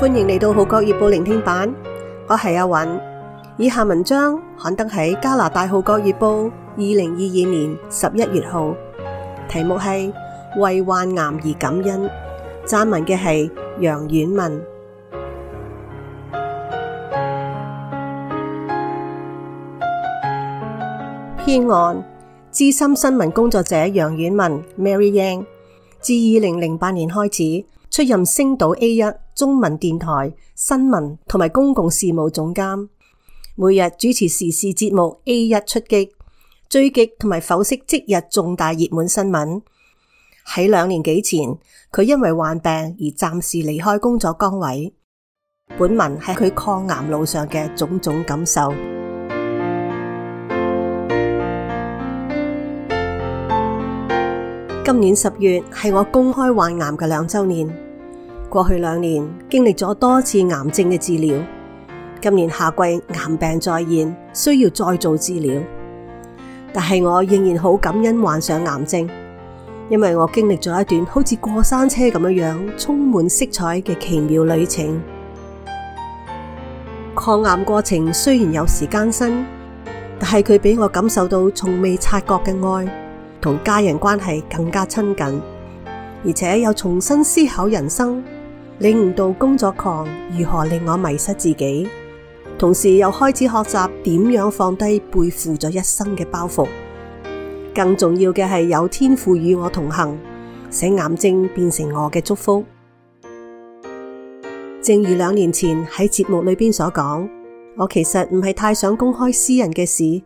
歡迎嚟到《號角月報》聆聽版，我係阿允。以下文章刊登喺加拿大《號角月報》二零二二年十一月號，題目係為患癌而感恩，撰文嘅係楊婉文。編按，資深新聞工作者楊婉文 （Mary Yang） 自二零零八年開始。出任星島 A 一中文電台新聞同埋公共事務總監，每日主持時事節目 A 一出擊，追擊同埋剖析即日重大熱門新聞。喺兩年幾前，佢因為患病而暫時離開工作崗位。本文係佢抗癌路上嘅種種感受。今年十月係我公開患癌嘅兩周年。過去兩年經歷咗多次癌症嘅治療，今年夏季癌病再現，需要再做治療。但係我仍然好感恩患上癌症，因為我經歷咗一段好似過山車咁樣樣，充滿色彩嘅奇妙旅程。抗癌過程雖然有時艱辛，但係佢俾我感受到從未察覺嘅愛。同家人關係更加親近，而且又重新思考人生，領悟到工作狂如何令我迷失自己，同時又開始學習點樣放低背負咗一生嘅包袱。更重要嘅係有天父與我同行，使癌症變成我嘅祝福。正如兩年前喺節目裏邊所講，我其實唔係太想公開私人嘅事，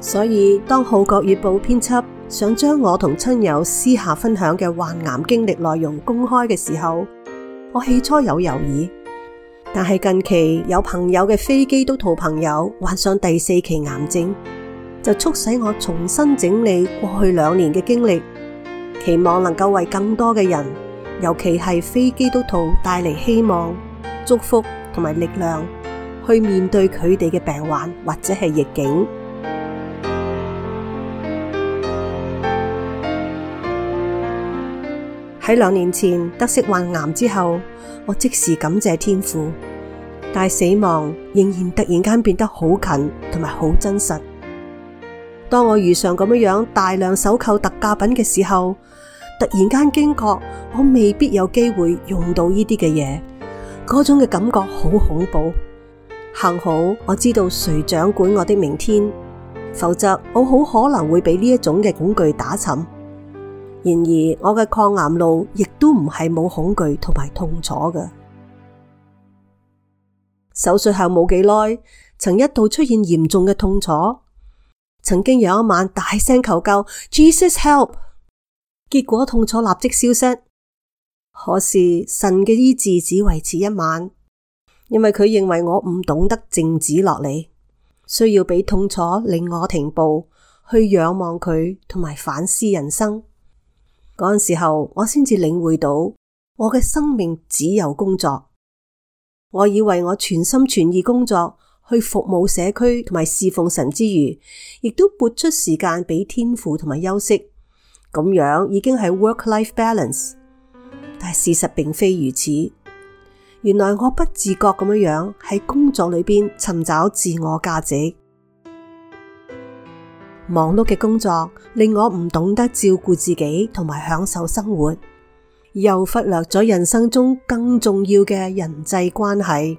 所以當《號角月報》編輯想將我同親友私下分享嘅患癌經歷內容公開嘅時候，我起初有猶豫，但係近期有朋友嘅非基督徒朋友患上第四期癌症，就促使我重新整理過去兩年嘅經歷，期望能夠為更多嘅人，尤其係非基督徒帶嚟希望、祝福同埋力量，去面對佢哋嘅病患或者係逆境。喺兩年前得悉患癌之後，我即時感謝天父，但死亡仍然突然間變得好近同埋好真實。當我遇上咁樣大量收購特價品嘅時候，突然間驚覺我未必有機會用到呢啲嘅嘢，嗰種嘅感覺好恐怖。幸好我知道誰掌管我的明天，否則我好可能會被呢一種嘅恐懼打沉。然而，我嘅抗癌路亦都唔係冇恐懼同埋痛楚嘅。手術後冇幾耐，曾一度出現嚴重嘅痛楚，曾經有一晚大聲求救，Jesus help，結果痛楚立即消失。可是神嘅醫治只維持一晚，因為佢認為我唔懂得靜止落嚟，需要畀痛楚令我停步，去仰望佢同埋反思人生。嗰陣時候，我先至領會到我嘅生命只有工作。我以為我全心全意工作，去服務社區同埋侍奉神之餘，亦都撥出時間畀天父同埋休息。咁樣已經係 work-life balance，但事實並非如此。原來我不自覺咁樣喺工作裏邊尋找自我價值。忙碌嘅工作令我唔懂得照顧自己同埋享受生活，又忽略咗人生中更重要嘅人際關係。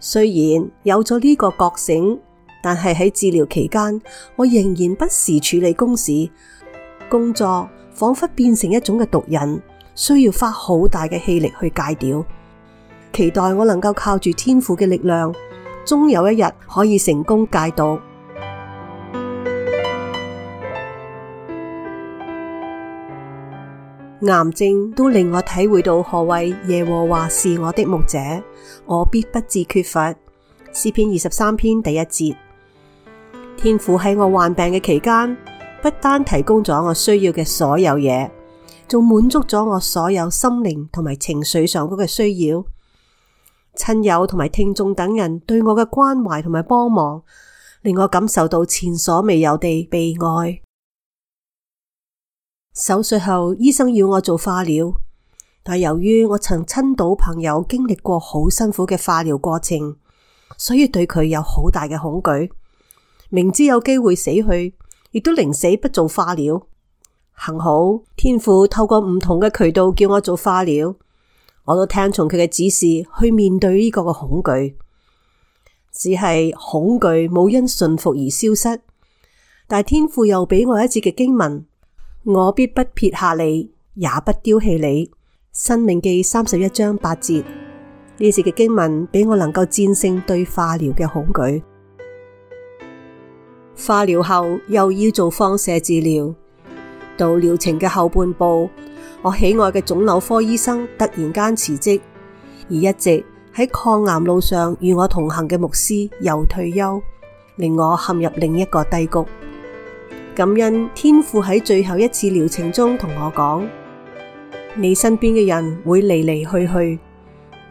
雖然有咗呢個覺醒，但係喺治療期間，我仍然不時處理公事，工作仿佛變成一種嘅毒癮，需要花好大嘅氣力去戒掉。期待我能夠靠住天父嘅力量，終有一日可以成功戒毒。癌症都令我體會到何謂耶和華是我的牧者，我必不致缺乏。詩篇二十三篇第一節。天父喺我患病嘅期間，不單提供咗我需要嘅所有嘢，仲滿足咗我所有心靈同埋情緒上嘅需要。親友同埋聽眾等人對我嘅關懷同埋幫忙，令我感受到前所未有嘅被愛。手術後，醫生要我做化療，但由於我曾親睹朋友經歷過好辛苦嘅化療過程，所以對佢有好大嘅恐懼。明知有機會死去，亦都寧死不做化療。幸好天父透過唔同嘅渠道叫我做化療，我都聽從佢嘅指示去面對呢個嘅恐懼，只係恐懼冇因順服而消失。但天父又畀我一次嘅經文。我必不撇下你，也不丟棄你。申命記三十一章八節，呢時嘅經文俾我能夠戰勝對化療嘅恐懼。化療後又要做放射治療，到療程嘅後半部，我喜愛嘅腫瘤科醫生突然間辭職，而一直喺抗癌路上與我同行嘅牧師又退休，令我陷入另一個低谷。感恩天父喺最後一次療程中同我講，你身邊嘅人會嚟嚟去去，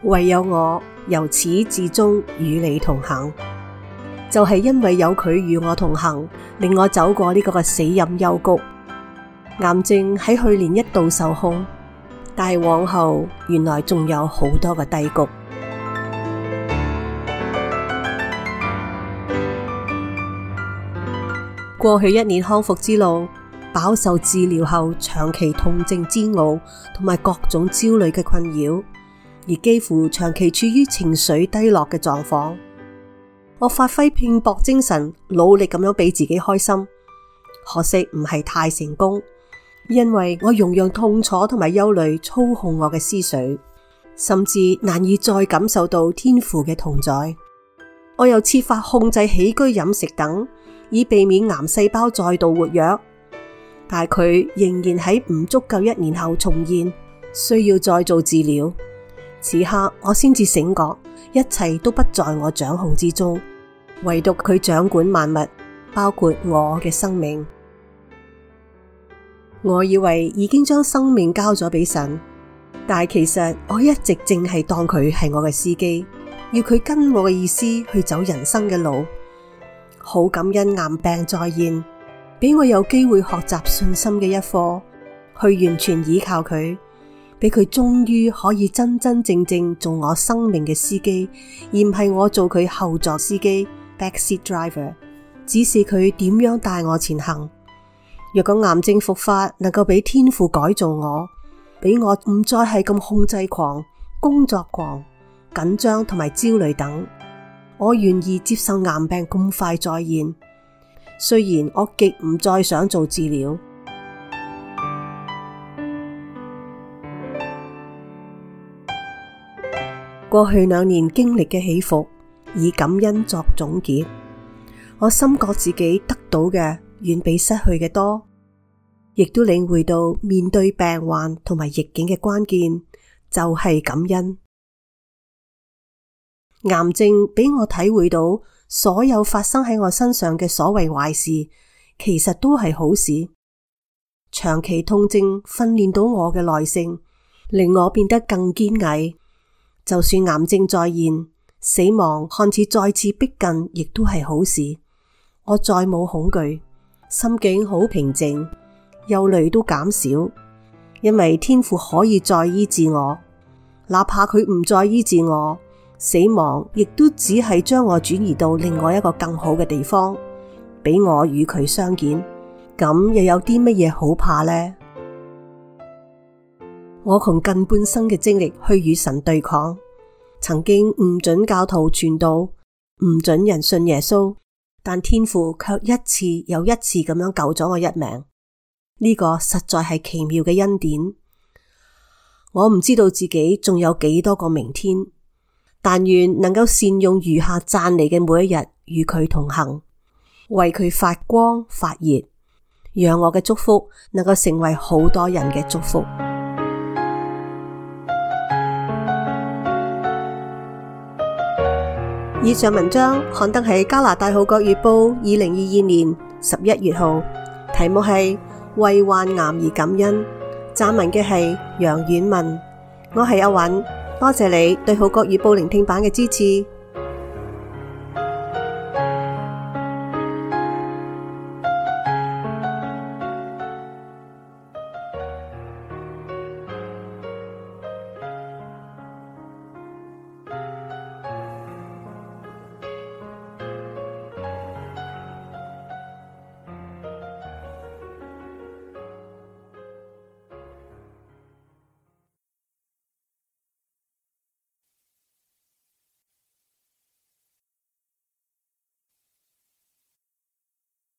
唯有我由始至終與你同行。就係因為有佢與我同行，令我走過呢個死蔭幽谷。癌症喺去年一度受控，但往後原來仲有好多嘅低谷。過去一年康復之路，飽受治療後長期痛症煎熬，同埋各種焦慮嘅困擾，而幾乎長期處於情緒低落嘅狀況。我發揮拼搏精神，努力咁樣俾自己開心，可惜唔係太成功，因為我容讓痛楚同埋憂慮操控我嘅思緒，甚至難以再感受到天父嘅同在。我又設法控制起居飲食等，以避免癌細胞再度活躍。但佢仍然喺唔足夠一年後重現，需要再做治療。此刻我先至醒覺，一切都不在我掌控之中，唯獨佢掌管萬物，包括我嘅生命。我以為已經將生命交咗俾神，但其實我一直淨係當佢係我嘅司機。要佢跟我嘅意思去走人生嘅路，好感恩癌病再現，畀我有機會學習信心嘅一課，去完全倚靠佢，俾佢終於可以真真正正做我生命嘅司機，而唔係我做佢後座司機 （back seat driver） 指示佢點樣帶我前行。若果癌症復發，能夠俾天父改造我，俾我唔再係咁控制狂、工作狂。緊張同埋焦慮等，我願意接受癌病咁快再現。雖然我極唔再想做治療，過去兩年經歷嘅起伏，以感恩作總結，我深覺自己得到嘅遠比失去嘅多，亦都領會到面對病患同埋逆境嘅關鍵就係、是、感恩。癌症畀我體會到，所有發生喺我身上嘅所謂壞事，其實都係好事。長期痛症訓練到我嘅耐性，令我變得更堅毅。就算癌症再現，死亡看似再次逼近，亦都係好事。我再冇恐懼，心境好平靜，憂慮都減少，因為天父可以再醫治我，哪怕佢唔再醫治我。死亡亦都只係將我轉移到另外一個更好嘅地方，畀我與佢相見。咁又有啲乜嘢好怕呢？我窮盡半生嘅精力去與神對抗，曾經唔准教徒傳道，唔准人信耶穌，但天父卻一次又一次咁樣救咗我一命。呢個實在係奇妙嘅恩典。我唔知道自己仲有幾多個明天。但願能夠善用餘下讚美嘅每一日，與佢同行，為佢發光發熱，讓我嘅祝福能夠成為好多人嘅祝福。祝福 以上文章刊登喺加拿大《號角月報》二零二二年十一月號，題目係為患癌而感恩，撰文嘅係楊婉文。我係阿韻。多謝你對《好國語報》聆聽版嘅支持。